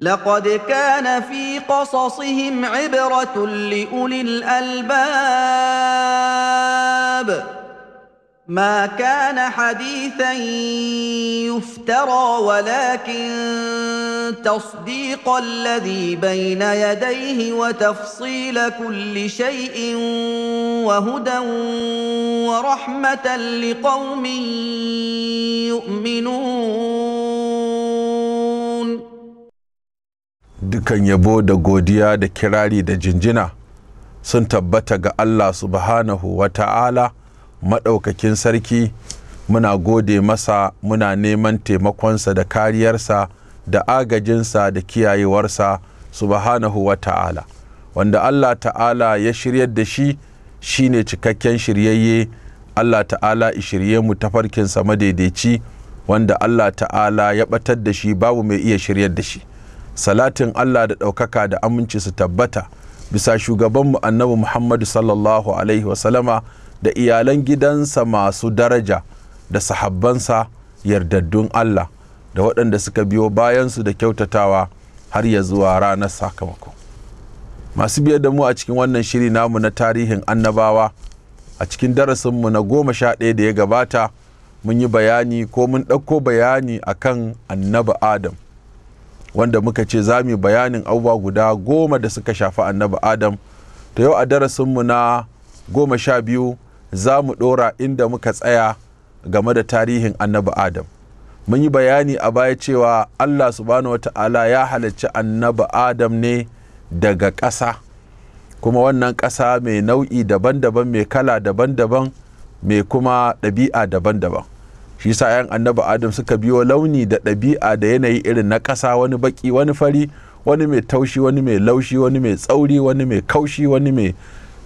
لقد كان في قصصهم عبره لاولي الالباب ما كان حديثا يفترى ولكن تصديق الذي بين يديه وتفصيل كل شيء وهدى ورحمه لقوم يؤمنون dukan yabo da godiya da kirari da jinjina sun tabbata ga Allah subhanahu wa ta'ala maɗaukakin sarki muna gode masa muna neman taimakonsa da kariyarsa da agajinsa da kiyayewarsa subhanahu wa ta'ala wanda Allah ta'ala ya shiryar da shi shine cikakken shiryayye Allah ta'ala shirye mu tafarkinsa madaidaici wanda Allah ta'ala ya batar da shi babu mai iya shiryar da shi. salatin Allah da ɗaukaka da aminci su tabbata bisa shugabanmu annabi Muhammadu sallallahu alaihi wasallama da iyalan gidansa masu daraja da sahabbansa yardaddun Allah da waɗanda suka biyo bayansu da kyautatawa har ya zuwa ranar sakamako. Masu biyar da mu a cikin wannan shiri namu na tarihin annabawa a cikin darasinmu na goma sha ɗaya da ya gabata mun yi bayani ko mun ɗauko bayani akan annabi Adam. wanda muka ce za mu bayanin abubuwa guda goma da suka shafi annabi adam ta yau a darasinmu na goma sha biyu za mu ɗora inda muka tsaya game da tarihin annabi adam mun yi bayani a baya cewa allah subhanahu wata'ala ya halarci annabi adam ne daga ƙasa kuma wannan ƙasa mai nau'i daban-daban mai kala daban-daban mai kuma ɗabi'a daban-daban shi sa 'yan annabi adam suka biyo launi da ɗabi'a da yanayi irin na ƙasa wani baki wani fari wani mai taushi wani mai laushi wani mai tsauri wani mai kaushi wani mai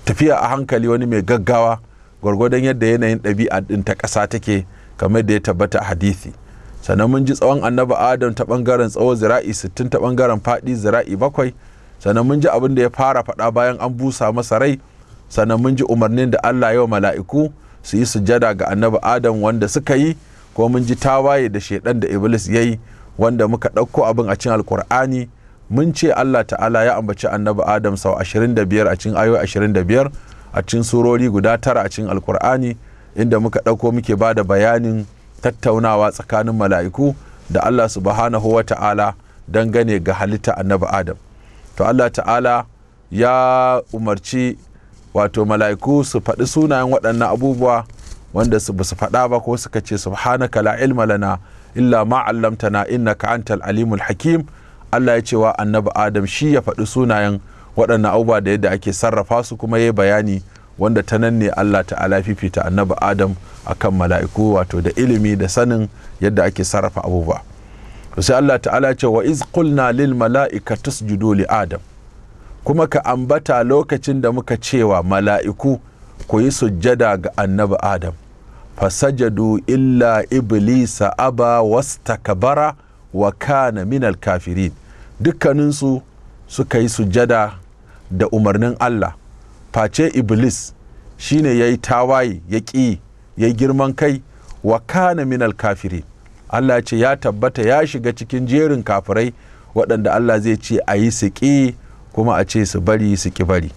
tafiya a hankali wani mai gaggawa gwargwadon yadda yanayin ɗabi'a ɗin ta ƙasa take kamar da ya tabbata a hadithi sannan mun ji tsawon annabi adam ta ɓangaren tsawo zira'i sittin ta ɓangaren faɗi zira'i bakwai sannan mun ji abin da ya fara faɗa bayan an busa masa rai sannan mun ji umarnin da allah yawa mala'iku su yi sujada ga annabi adam wanda suka yi ko mun ji tawaye da shaidan da iblis ya yi wanda muka ɗauko abin a cin alkur'ani mun ce allah ta'ala ya ambaci annabi adam sau 25 a cin ayo 25 a cin surori guda tara a cin alkur'ani inda muka ɗauko muke ba da bayanin tattaunawa tsakanin mala'iku da allah subhanahu wa ta'ala dangane ga halitta annabi adam to allah ta'ala ya umarci wato mala'iku su faɗi sunayen waɗannan abubuwa wanda su ba su faɗa ba ko suka ce subhanaka la ilma lana illa ma 'allamtana innaka antal alimul hakim Allah ya ce wa annabi Adam shi ya faɗi sunayen waɗannan abubuwa da yadda ake sarrafa su kuma ya bayani wanda ta nan ne Allah ta'ala fifita annabi Adam akan mala'iku wato da ilimi da sanin yadda ake sarrafa abubuwa sai Allah ta'ala ce wa iz qulna lil mala'ikati isjudu li Adam kuma ka ambata lokacin da muka cewa mala'iku ku yi sujjada ga annabi adam fasajadu illa iblisa aba takabara wa kana minal kafirin dukkaninsu suka yi sujjada da umarnin Allah face iblis shine ya yi tawaye ya ƙi ya yi girman kai wa kana minal kafirin Allah ce ya tabbata ya shiga cikin jerin kafirai waɗanda Allah zai ce a yi su ƙi. kuma a ce su bari su ki bari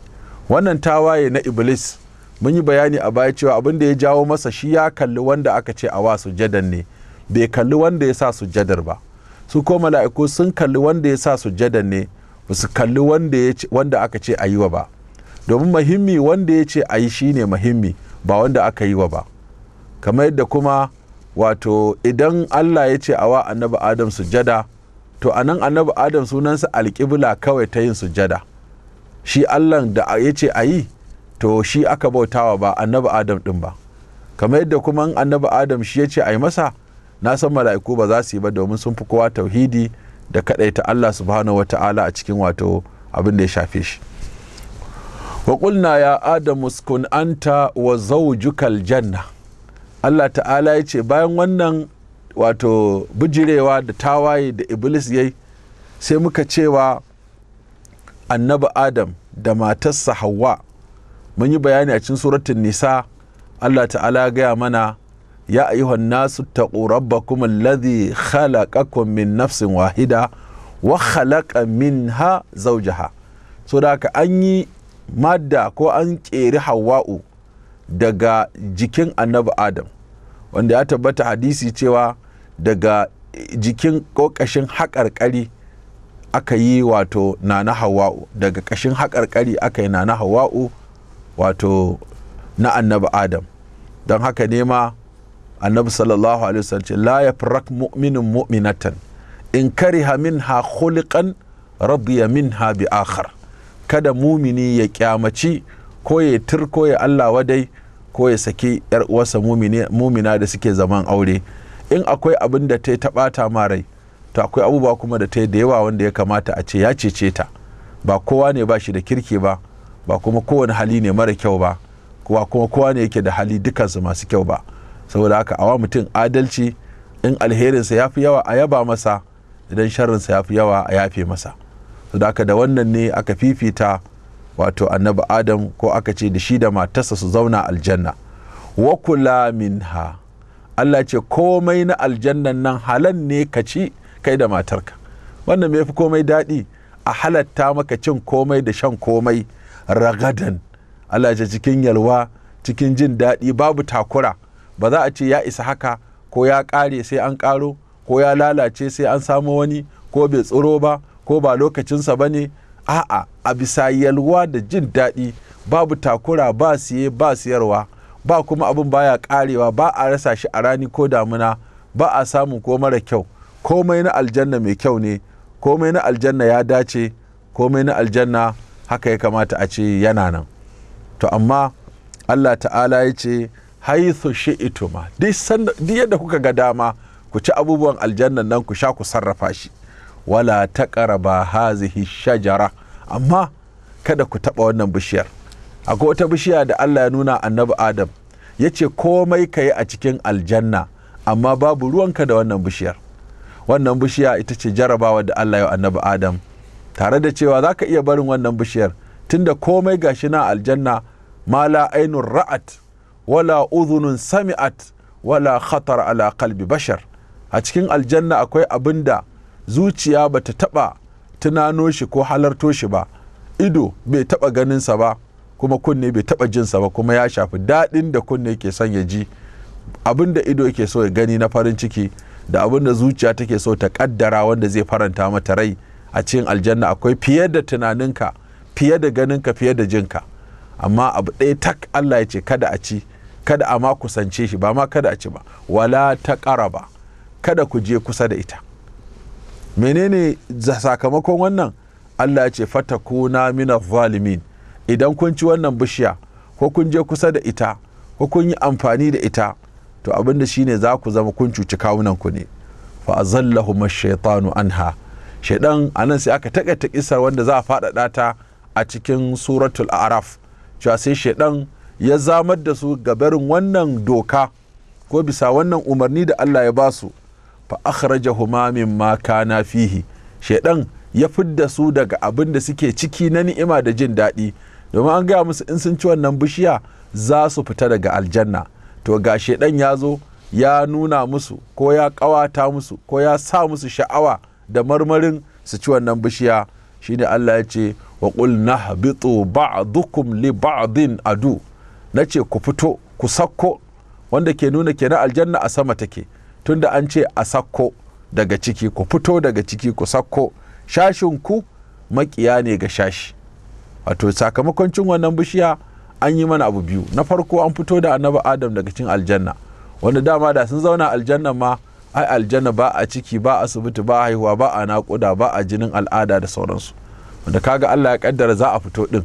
wannan tawaye na iblis mun yi bayani a baya cewa abin da ya jawo masa shi ya kalli wanda aka ce a wa sujadan ne bai kalli wanda ya sa sujadar ba su ko mala'iku sun kalli wanda ya sa sujadan ne ba su kalli wanda aka ce a yi wa ba domin mahimmi wanda ya ce a yi shi ne muhimmi ba wanda aka yi wa ba kamar yadda kuma wato idan allah ya ce a wa annabi adam sujada to a nan annabi adam sunansa alƙibla kawai ta yin sujada shi allah da ya ce a yi to shi aka bautawa ba annabi adam ɗin ba kamar yadda kuma annabi adam shi ya ce a yi masa na san mala'iku ba za su yi ba domin sun fi kowa tauhidi da ta allah subhanahu wata'ala a cikin wato abin da ya shafe shi wa ya adam muskun anta wa zaujukal janna Allah ta'ala ya ce bayan wannan wato bijirewa da tawaye da iblis yayi sai muka cewa annabi adam da matarsa hawa mun yi bayani a cikin suratun nisa allah ta'ala gaya mana ya ayyuhan nasu taqu rabbakum alladhi khalaqakum min nafsin wahida wa khalaqa minha zawjaha so da haka an yi madda ko an ƙeri hawa'u daga jikin annabi adam wanda ya tabbata hadisi cewa daga jikin ƙoƙashin haƙarƙari aka yi wato nana hawa'u daga ƙashin haƙarƙari aka yi nana hawa'u wato na annabi adam don haka ne ma annabi sallallahu alaihi wasallam la yafrak mu'minun mu'minatan in kariha minha khuliqan radiya minha bi akhar kada mumini ya kyamaci ko ya turko ya Allah wadai ko ya saki yar uwarsa mumina da suke zaman aure in akwai abin da ta yi ta ɓata ma rai to akwai abubuwa kuma da ta yi da yawa wanda ya kamata a ce ya cece ta ba kowa ne ba shi da kirki ba ba kuma kowane hali ne mara kyau ba ba kuma kowa ne yake da hali dukansu masu kyau ba saboda haka awa mutum adalci in alherinsa ya fi yawa a yaba masa idan sharrinsa ya fi yawa a yafe masa saboda haka da wannan ne aka fifita wato annabi adam ko aka ce da shi da matarsa su zauna aljanna wa kula minha Allah ce komai na aljannan nan halan ne ka ci kai da matarka wannan me fi komai daɗi a halatta maka cin komai da shan komai ragadan Allah ce cikin yalwa cikin jin daɗi babu takura ba za a ce ya isa haka ko ya ƙare sai an ƙaro ko ya lalace sai an samo wani ko bai tsoro ba ko ba lokacinsa ba ne a'a a bisa yalwa da jin daɗi babu takura ba siye ba siyarwa ba kuma abin baya karewa ba a rasa shi a rani ko damuna ba a samun ko mara kyau komai na aljanna mai kyau ne komai na aljanna ya dace komai na aljanna haka ya kamata a ce yana nan to amma allah ta'ala ya ce haithu ituma duk yadda kuka ga dama ku ci abubuwan aljannan nan ku sha ku sarrafa shi wala taqraba hazihi shajara amma kada ku taɓa wannan bishiyar akwai wata bishiya da Allah ya nuna annabi Adam ya ce komai ka yi a cikin aljanna amma babu ruwanka da wannan bishiyar wannan bishiya ita ce jarabawa da Allah ya annabi Adam tare da cewa za ka iya barin wannan bishiyar tunda komai gashi na aljanna ma la ainun ra'at wala udhunun sami'at wala khatar ala kalbi bashar a cikin aljanna akwai abin da zuciya bata taba tunano shi ko halarto shi ba ido bai taba ganinsa ba kuma kunne bai taɓa jinsa ba kuma ya shafi daɗin da kunne ke son ya ji abinda ido yake so ya gani na farin ciki da abin da zuciya take so ta kaddara wanda zai faranta mata rai a cikin aljanna akwai fiye da tunaninka fiye da ganinka fiye da jinka amma abu ɗaya tak Allah ya ce kada a ci kada a ma kusance shi ba ma kada a ci ba wala ta ba kada ku je kusa da ita menene sakamakon wannan Allah ya ce fatakuna mina zalimin idan kun ci wannan bishiya ko kun je kusa da ita ko kun yi amfani da ita to abin da shine za ku zama kun cuci kawunan ku ne fa azallahu shaitanu anha shaidan anan sai aka takaita kisa wanda za a faɗaɗa ta a cikin suratul araf cewa sai shaidan ya zamar da su ga barin wannan doka ko bisa wannan umarni da Allah ya ba su fa akhrajahuma mimma kana fihi shaidan ya fidda su daga abin da suke ciki na ni'ima da jin daɗi domin an gaya musu in sun ci wannan bishiya za su fita daga aljanna to ga shaidan ya zo ya nuna musu ko ya kawata musu ko ya sa musu sha'awa da marmarin su ci wannan bishiya shine Allah ya ce wa qul nahbitu ba'dukum li ba'din adu nace ku fito ku sakko wanda ke nuna kenan aljanna a sama take tunda an ce a sakko daga ciki ku fito daga ciki ku sakko shashin ku makiya ne ga shashi wato sakamakon cin wannan bishiya an yi mana abu biyu na farko an fito da annabi adam daga cin aljanna wanda dama da sun zauna aljanna ma ai aljanna ba a ciki ba asibiti ba haihuwa ba a naƙuda ba a jinin al'ada da sauransu wanda kaga allah ya kaddara za a fito din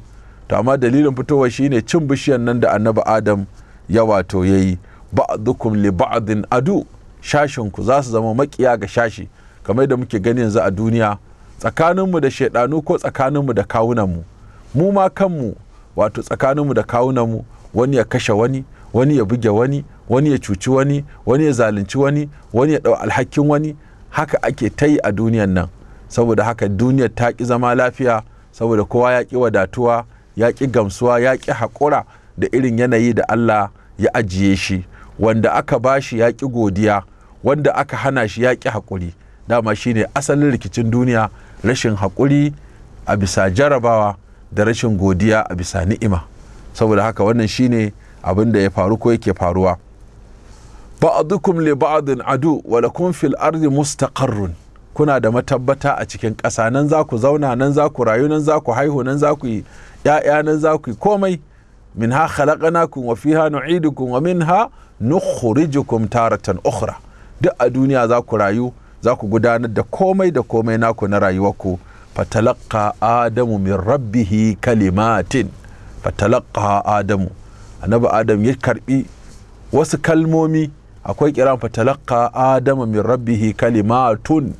to amma dalilin fitowa shine cin bishiyan nan da annabi adam ya wato yayi ba'dukum li ba'din adu shashinku za su zama makiya ga shashi kamar da muke gani yanzu a duniya tsakaninmu da shaidanu ko tsakaninmu da kawunanmu mu ma kanmu wato tsakaninmu da kawunanmu wani ya kashe wani wani ya buge wani wani ya cuci wani wani ya zalunci wani wani ya dau alhakin wani haka ake ta yi a duniyan nan saboda haka duniyar ta ki zama lafiya saboda kowa ya ki wadatuwa ya ki gamsuwa ya ki haƙura da irin yanayi da Allah ya ajiye shi wanda aka bashi ya ki godiya wanda aka hana shi ya ki haƙuri dama shine asalin rikicin duniya rashin haƙuri a bisa jarabawa da rashin godiya a bisa ni'ima saboda haka wannan shine abin da ya faru ko yake faruwa ba'dukum li ba'din adu wa lakum fil ardi mustaqarrun kuna da matabbata a cikin ƙasa nan za ku zauna nan za ku rayu nan za ku haihu nan za ku yi ‘ya'ya nan za ku yi komai min ha khalaqnakum wa fiha nu'idukum wa min ha nukhrijukum taratan ukhra duk a duniya za ku rayu za ku gudanar da komai da komai naku na rayuwarku fatalaka adamu min rabbihi kalimatin fatalaqqa adamu annabi adam ya karbi wasu kalmomi akwai kiran fatalaka adamu min rabbihi kalimatun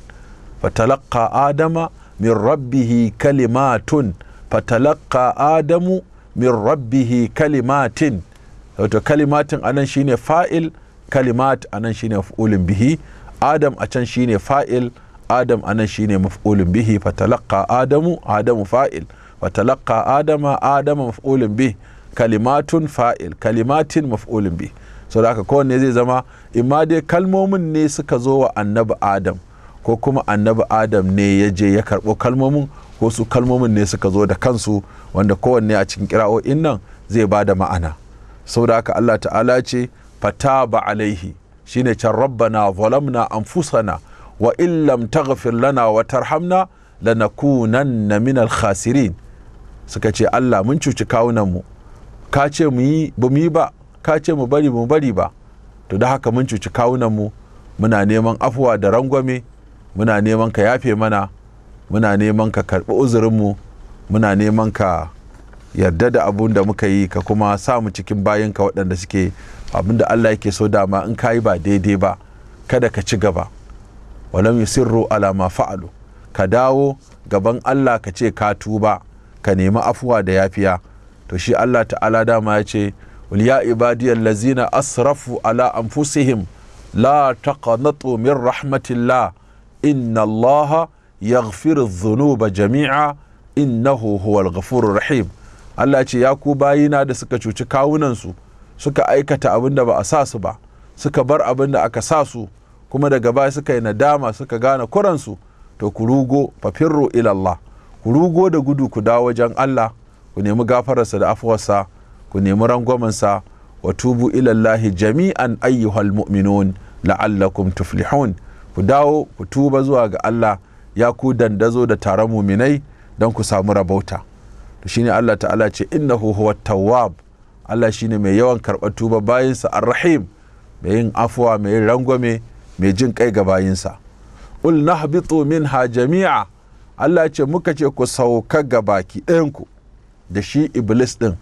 fatalaqqa adama min rabbihi kalimatun fatalaka adamu min rabbihi kalimatin wato kalimatin anan shine fa'il kalimat anan shine fa'ulun bihi adam a can shine fa'il adam anan shine maf'ulun bihi fatalaqa adamu adamu fa'il fatalaqa adama adama maf'ulun bihi kalimatun fa'il kalimatin maf'ulun bi so da haka kowanne zai zama imma dai kalmomin ne suka zo wa annabi adam ko kuma annabi adam ne ya je ya karɓo kalmomin ko su kalmomin ne suka zo da kansu wanda kowanne a cikin kira'o'in nan zai ba da ma'ana saboda haka Allah ta'ala ce fata alaihi shine can rabbana zalamna anfusana wa illam taghfir lana wa tarhamna lanakunanna min khasirin suka ce Allah mun cuci kawunan mu ka ce mu yi ba mu yi ba ka ce mu bari mu bari ba to da haka mun cuci kawunan mu muna neman afuwa da rangwame muna neman ka yafe mana muna neman ka uzurin mu muna neman ka yarda da abun da muka yi ka kuma sa mu cikin bayanka waɗanda suke abin da Allah yake so dama in ka yi ba daidai ba kada ka ci gaba walam yusirru ala ma fa'alu ka dawo gaban Allah ka ce ka tuba ka nemi afuwa da yafiya to shi Allah ta'ala dama ya ce wal ya ibadiyal lazina asrafu ala anfusihim la taqnatu min rahmatillah inna Allah yaghfiru dhunuba jami'a innahu huwal ghafurur rahim Allah ce ya ku bayina da suka cuci kawunan su, suka aikata abinda da ba a sa su ba suka bar abin da aka sa su kuma daga baya suka yi nadama suka gane kuransu to ku rugo fafirro ilallah ku rugo da gudu ku dawo wajen Allah ku nemi gafararsa da afuwarsa ku nemi rangwamansa wa tubu ilallahi jami'an ayyuhal mu'minun la'allakum tuflihun ku dawo ku tuba zuwa ga Allah ya ku dandazo da taron muminai don ku samu rabauta to shine Allah ta'ala ce innahu huwa tawwab Allah shine mai yawan karɓar tuba bayinsa arrahim rahim mai yin afuwa mai yin rangwame mai jin kai ga bayinsa ul nahbitu minha jami'a Allah ce muka ce ku sauka ga baki ɗayanku da shi iblis ɗin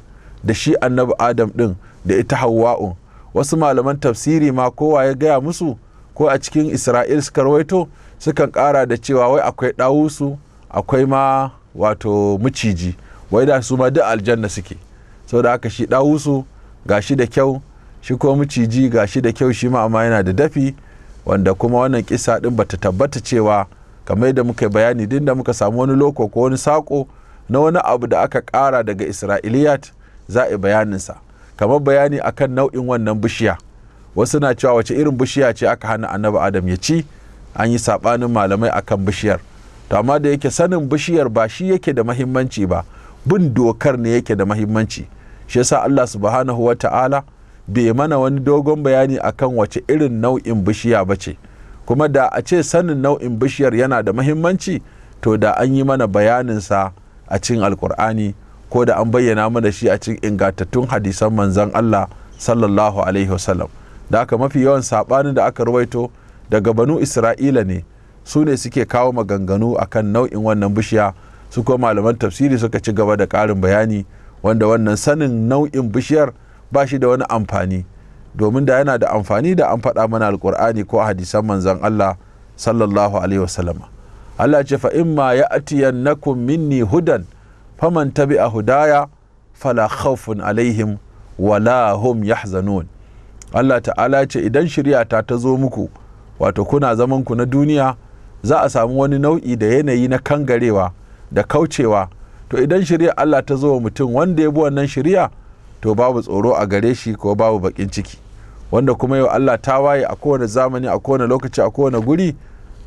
da shi annabi adam ɗin da ita hawa'un wasu malaman tafsiri ma kowa ya gaya musu ko a cikin isra'il suka rawaito sukan ƙara da cewa wai akwai ɗawusu akwai ma wato maciji wai da su ma duk aljanna suke saboda haka shi ɗawusu gashi da kyau shi ko maciji gashi da kyau shi ma amma yana da dafi wanda kuma wannan kisa din bata tabbata cewa kamar da muka bayani din da muka samu wani loko ko wani sako na wani abu da aka kara daga isra'iliyat za a bayaninsa kamar bayani akan nau'in wannan bishiya wasu na cewa wace irin bishiya ce aka hana annabi adam ya ci an yi saɓanin malamai akan bishiyar to amma da yake sanin bishiyar ba shi yake da mahimmanci ba bin dokar ne yake da mahimmanci shi yasa Allah subhanahu wa ta'ala bai mana wani dogon bayani akan wace irin nau'in bishiya ba ce kuma da a ce sanin nau'in bishiyar yana da mahimmanci to da an yi mana bayaninsa a cikin alkur'ani ko da an bayyana mana shi a cikin ingantattun hadisan manzan Allah sallallahu alaihi wasallam da aka mafi yawan saɓanin da aka ruwaito daga banu isra'ila ne su ne suke kawo maganganu akan nau'in wannan bishiya su ko malaman tafsiri suka ci gaba da ƙarin bayani wanda wannan sanin nau'in bishiyar ba shi da wani amfani domin da yana da amfani da an faɗa mana Alƙur'ani ko hadisan manzan Allah sallallahu alaihi wasallama Allah ce fa imma ya atiyannakum minni hudan faman a hudaya fala khawfun alaihim wala hum yahzanun Allah ta'ala ce idan shirya ta ta zo muku wato kuna zaman ku na duniya za a samu wani nau'i da yanayi na kangarewa da kaucewa to idan shirya Allah ta zo wa mutum wanda ya bi wannan shirya to babu tsoro a gare shi ko babu bakin ciki wanda kuma yau Allah ta waye a kowane zamani a kowane lokaci a kowane guri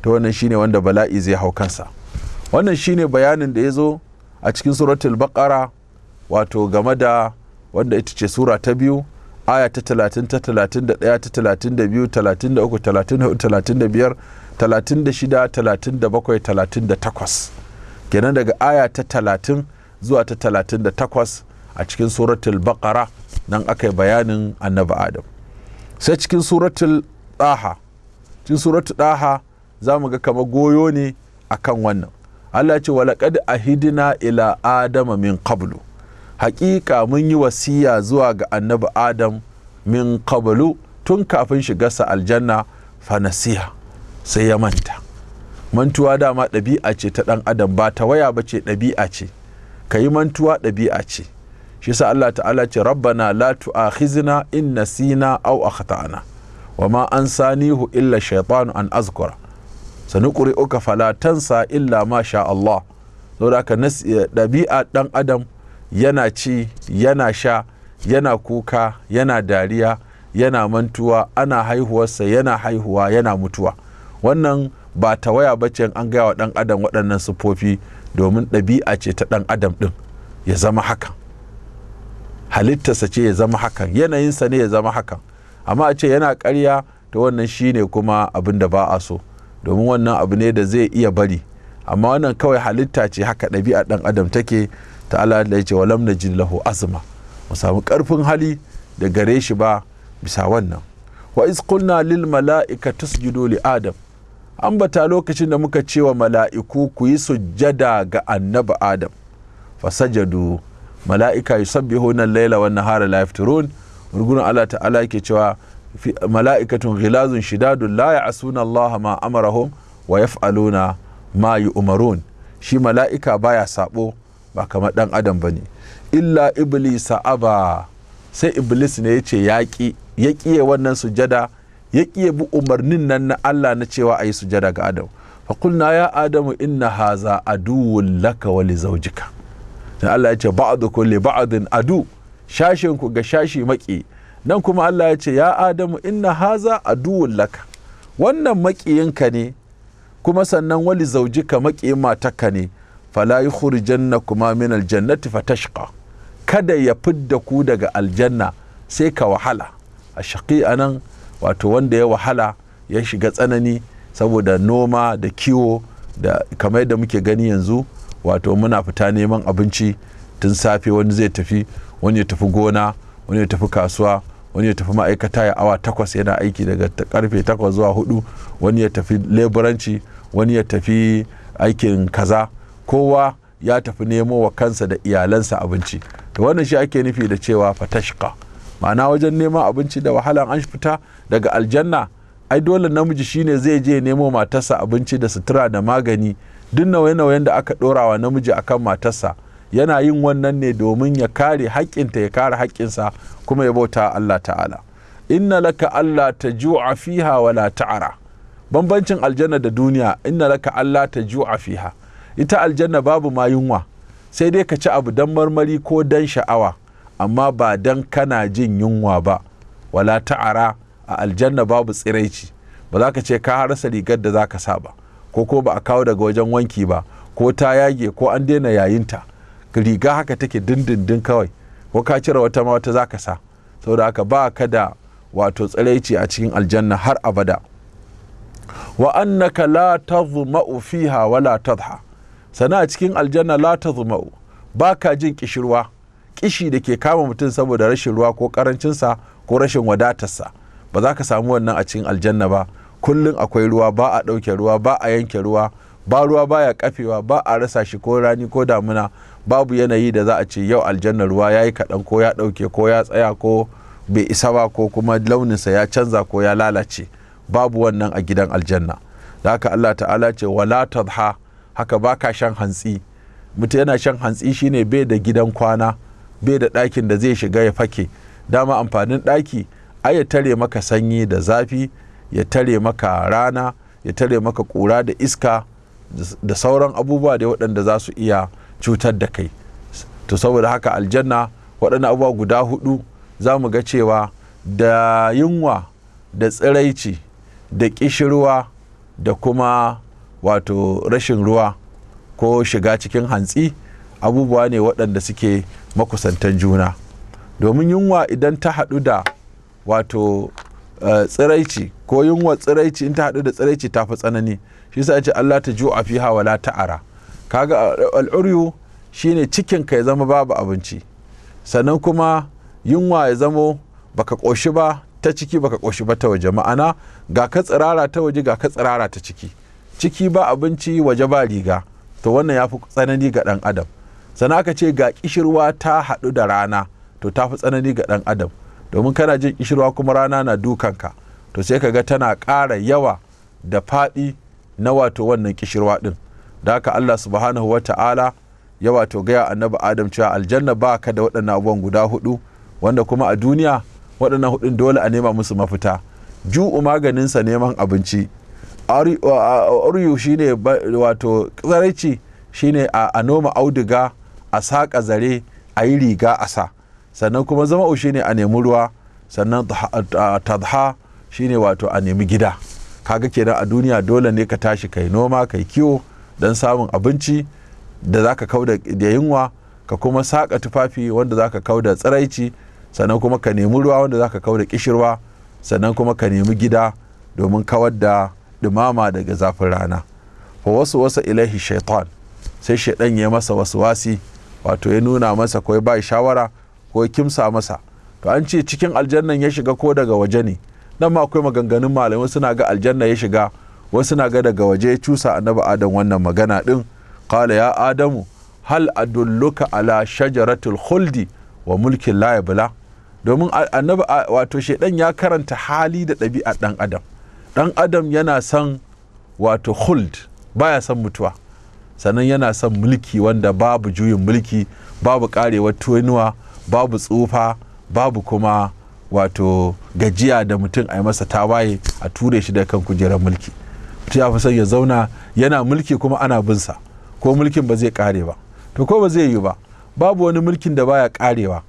to wannan shine wanda bala'i zai hau kansa wannan shine bayanin da ya zo a cikin suratul baqara wato game da wanda ita ce sura ta biyu aya ta talatin ta talatin da ta talatin da biyu talatin da uku talatin da biyar talatin da shida talatin da bakwai talatin da takwas kenan daga aya ta talatin zuwa ta talatin da takwas a cikin suratul baqara nan aka yi bayanin annabi adam sai cikin suratul daha cikin suratul daha za mu ga kamar goyo ne akan wannan Allah ce walaqad ahidina ila adama min qablu haƙiƙa mun yi wasiya zuwa ga annabi adam min qablu tun kafin shigarsa aljanna fanasiya sai ya manta mantuwa dama ɗabi'a ce ta ɗan adam ba ta waya ba ce ɗabi'a ce ka yi mantuwa ɗabi'a ce shi sa Allah ta'ala ce rabbana la tu'akhizna in nasina aw akhtana ma ansanihu illa shaytanu an azkura uka fala tansa illa ma sha Allah saboda haka dabi'a eh, dan adam yana ci yana sha yana kuka yana dariya yana mantuwa ana haihuwarsa yana haihuwa yana mutuwa wannan ba ta waya bace an gaya wa dan adam waɗannan siffofi domin ɗabi'a ce ta dan adam ɗin ya zama haka halittarsa ce ya zama hakan yanayinsa ne ya zama hakan amma a ce yana karya to wannan shine kuma abin da ba a so domin wannan abu ne da zai iya bari amma wannan kawai halitta ce haka ɗabi'a ɗan adam take ta Allah ya ce walam na lahu azma mu samu ƙarfin hali da gare shi ba bisa wannan wa iz qulna lil mala'ika tusjudu li adam an bata lokacin da muka ce wa mala'iku ku yi sujjada ga annabi adam fasajadu mala'ika sabbi al-laila wani hara la yafturun rugunan Allah ta'ala yake cewa mala'ikatun gilazun shidadun la sunan Allah ma amarahum wa fa’aluna ma yi umarun shi mala'ika baya sabo ba kamar ɗan adam ba ne illa iblisa aba sai iblis ne yace ce ya kiye wannan sujada ya kiye bi umarnin nan na Allah na cewa a yi sujada ga adam fa ya adamu inna haza aduwwun laka wa li dan Allah ya ce ba'du kulli ba'din adu shashin ku ga shashi maki nan kuma Allah ya ce ya Adamu inna haza aduwwun laka wannan makiyinka ne kuma sannan wali zaujika makiyin ka ne fala yukhrijanna kuma min aljannati fatashqa kada ya fidda ku daga aljanna sai ka wahala a shaqi anan wato wanda ya wahala ya shiga tsanani saboda noma da kiwo da kamar yadda muke gani yanzu wato muna fita neman abinci tun safe wani zai tafi wani ya tafi gona wani ya tafi kasuwa wani ya tafi ma'aikata ya awa takwas yana aiki daga karfe takwas zuwa hudu wani ya tafi leburanci wani ya tafi aikin kaza kowa ya tafi nemo wa kansa da iyalansa abinci da wannan shi ake nufi da cewa fatashka ma'ana wajen neman abinci da wahalan an fita daga aljanna ai dole namiji shine zai je nemo matarsa abinci da sutura da magani duk nauye-nauyen da aka wa namiji akan matarsa yana yin wannan ne domin ya kare haƙƙinta ya kare haƙƙinsa kuma ya bauta Allah ta'ala inna laka Allah ta ju'a fiha wala ta'ara bambancin aljanna da duniya inna laka Allah ta ju'a fiha ita aljanna babu ma yunwa sai dai ka ci abu dan marmari ko dan sha'awa amma ba dan kana jin yunwa ba wala ta'ara a aljanna babu tsiraici ba za ka ce ka rasa rigar da za ka sa ba ko ko ba a kawo daga wajen wanki ba ko ta yage ko an daina yayinta riga haka take dindindin kawai ko ka cire wata ma wata zaka sa saboda haka ba ka da wato tsiraici a cikin aljanna har abada wa annaka la tazma'u fiha wa la tadha sana a cikin aljanna la tazma'u ba ka jin kishirwa kishi da ke kama mutum saboda rashin ruwa ko karancinsa ko rashin wadatarsa ba za ka samu wannan a cikin aljanna ba kullum akwai ruwa ba a ɗauke ruwa ba a yanke ruwa ba ruwa baya kafewa ba a rasa shi ko rani ko damuna babu yanayi da za a ce yau aljanna ruwa ya yi kaɗan ko ya ɗauke ko ya tsaya ko bai isa ba ko kuma launinsa ya canza ko ya lalace babu wannan a gidan aljanna da haka Allah ta'ala ce wala tadha haka ba ka shan hantsi mutum yana shan hantsi shine bai da gidan kwana bai da ɗakin da zai shiga ya fake dama amfanin ɗaki ai ya tare maka sanyi da zafi ya tare maka rana ya tare maka kura da iska da sauran abubuwa da waɗanda za su iya cutar da kai to saboda haka aljanna waɗanda abubuwa guda hudu za mu ga cewa da yunwa da tsiraici da ƙishirwa da kuma wato rashin ruwa ko shiga cikin hantsi abubuwa ne waɗanda suke makusantan juna domin yunwa idan ta haɗu da wato Eh, tsiraici ko yunwa tsiraici in ta haɗu da tsiraici ta fi tsanani shi sa ce Allah ta ju'a hawa wala ta'ara kaga eh, al'uryu shine cikin ka ya zama babu abinci sannan kuma yunwa ya zamo baka ƙoshi ba ta ciki baka ƙoshi ba ta waje ma'ana ga ka tsirara ta waje ga ka tsirara ta ciki ciki ba abinci waje ba riga to wannan ya fi tsanani ga ɗan adam sannan aka ce ga kishirwa ta haɗu da rana to ta fi tsanani ga ɗan adam domin kana jin kishirwa kuma rana na dukanka to sai ka ga tana ƙara yawa da faɗi na wato wannan kishirwa ɗin da haka Allah subhanahu wa ta'ala ya wato gaya annabi Adam cewa aljanna ba ka da waɗannan abubuwan guda hudu wanda kuma a duniya waɗannan hudun dole a nema musu mafita ju'u maganinsa neman abinci aryu shine wato tsaraici shine a noma auduga a saƙa zare a yi riga a sa sannan kuma zama'u shine a nemi ruwa sannan tadha shine wato a nemi gida kaga kenan a duniya dole ne ka tashi kai noma kai kiwo don samun abinci da za ka kauda da yunwa ka kuma saka tufafi wanda za ka kauda tsiraici sannan kuma ka nemi ruwa wanda za ka kauda kishirwa sannan kuma ka nemi gida domin kawar da dumama daga zafin rana fa wasu wasa ilaihi shaitan sai shaidan ya masa wasu wasi wato ya nuna masa ko ba shawara ko kimsa masa to an ce cikin aljannan ya shiga ko daga waje ne nan ma akwai maganganun malamai suna ga aljanna ya shiga wasu na ga daga waje ya cusa annabi adam wannan magana din qala ya adamu hal adulluka ala shajaratul khuldi wa mulkin la yabla domin annabi wato shedan ya karanta hali da dabi'a dan adam dan adam yana son wato khuld baya son mutuwa sannan yana son mulki wanda babu juyin mulki babu karewar tunuwa babu tsufa babu kuma wato gajiya da mutum a yi masa tawaye a ture shi da kan kujerar mulki mutum ya fi son ya zauna yana mulki kuma ana binsa ko mulkin ba zai kare ba to ko ba zai yi ba babu wani mulkin da baya karewa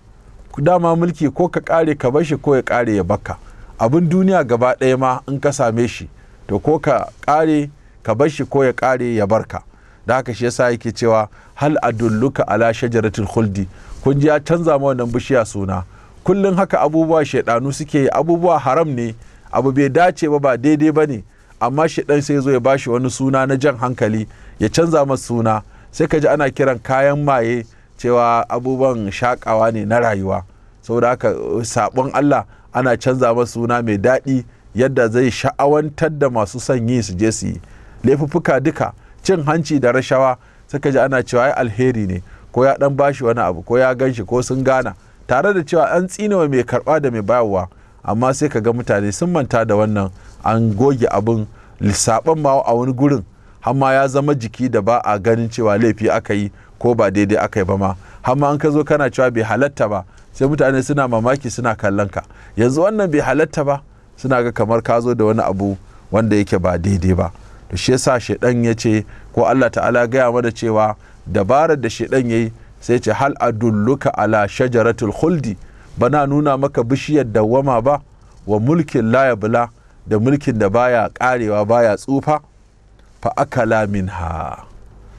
dama mulki ko ka kare ka bar shi ko ya kare ya bakka abin duniya gaba ɗaya ma in ka same shi to ko ka kare ka bar shi ko ya kare ya barka da haka shi yasa yake cewa hal adulluka ala shajaratul khuldi kun ji ya canza ma wannan bishiya suna kullum haka abubuwa shaidanu suke yi abubuwa haram ne abu bai dace ba ba daidai ba ne amma shaidan sai zo ya shi wani suna na jan hankali ya canza ma suna sai ka ji ana kiran kayan maye cewa abubuwan shakawa ne na rayuwa saboda haka eh, sabon Allah ana canza ma suna mai daɗi yadda zai sha'awantar da masu son yi su je su yi laifuffuka duka cin hanci da rashawa sai ka ji ana cewa ai alheri ne ko ya dan bashi wani abu ko ya ganshi ko sun gana tare da cewa an wa mai karba da mai bayarwa amma sai ka ga mutane sun manta da wannan an goge abin lissaban ma a wani gurin hamma ya zama jiki da ba a ganin cewa laifi aka yi ko ba daidai aka yi ba ma hamma an ka zo kana cewa bai halatta ba sai mutane suna mamaki suna kallon ka yanzu wannan bai halatta ba suna ga kamar ka zo da wani abu wanda yake ba daidai ba to shi yasa shedan ya ce ko Allah ta'ala gaya mana cewa dabarar da ya yayi sai ce hal adulluka ala shajaratul khuldi bana nuna maka bishiyar dawwama ba wa mulkin la da mulkin da baya karewa baya tsufa fa akala minha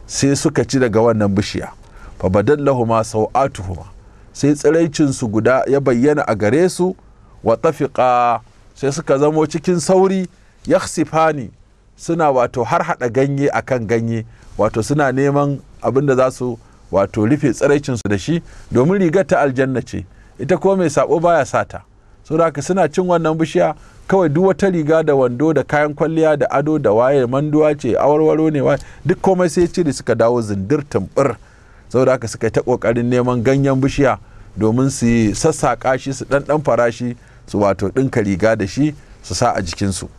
sai suka ci daga wannan bishiya fa badallahuma sau'atuhuma sai tsiraicinsu guda ya bayyana a gare su wa tafiqa sai suka zamo cikin sauri yakhsifani suna wato har hada ganye akan ganye wato suna neman abinda za su wato rufe tsiraicinsu da shi domin rigar ta aljanna ce ita ko mai sabo baya sata saboda haka suna cin wannan bishiya kawai duk wata riga da wando da kayan kwalliya da ado da waye manduwa ce awarwaro ne waye duk komai sai cire suka dawo zindir tumbur saboda haka suka ta kokarin neman ganyen bishiya domin su sassaka shi su ɗanɗan farashi su wato ɗinka riga da shi su sa a jikinsu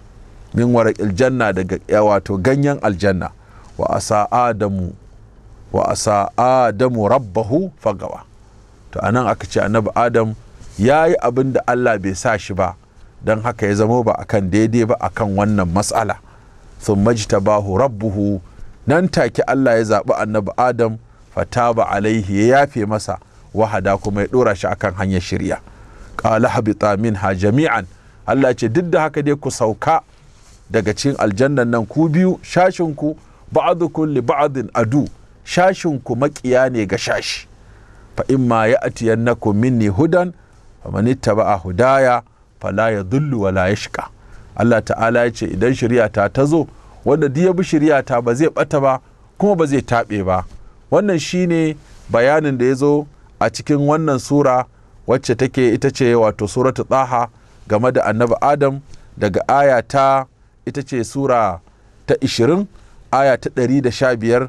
min wara janna daga wato ganyen aljanna wa asa adamu wa asa adamu rabbahu fagawa to anan aka ce annabi adam ya yi abin da allah bai sa shi ba don haka ya zamo ba akan daidai ba akan wannan matsala sun majtabahu rabbuhu nan take allah ya zaɓi annabi adam fataba alaihi ya yafe masa wahada kuma ya ɗora shi akan hanyar shirya ƙala habita minha jami'an allah ce duk da haka dai ku sauka daga cikin aljannan nan ku biyu shashinku ba'dukum li ba'din adu shashin ku maƙiya ne ga shashi fa in ma ya na ku minni hudan fa taba a hudaya wa la ya shika Allah ta'ala ya ce idan shirya ta zo wanda duk ya bi ta ba zai bata ba kuma ba zai tabe ba wannan shine bayanin da ya zo a cikin wannan sura wacce take ita ce wato suratu tsaha game da annabi adam daga aya ta ita ce sura ta 20 aya ta 115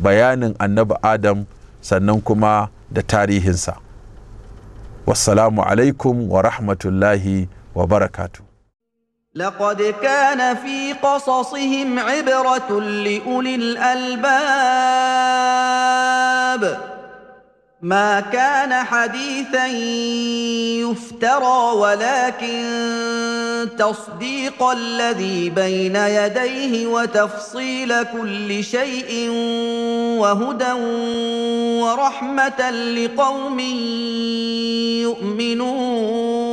bayanin annabi adam sannan kuma da tarihinsa wassalamu alaikum wa rahmatullahi wa barakatuh لقد كان في قصصهم عبرة لأولي الألباب ما كان حديثا يفترى ولكن تصديق الذي بين يديه وتفصيل كل شيء وهدى ورحمه لقوم يؤمنون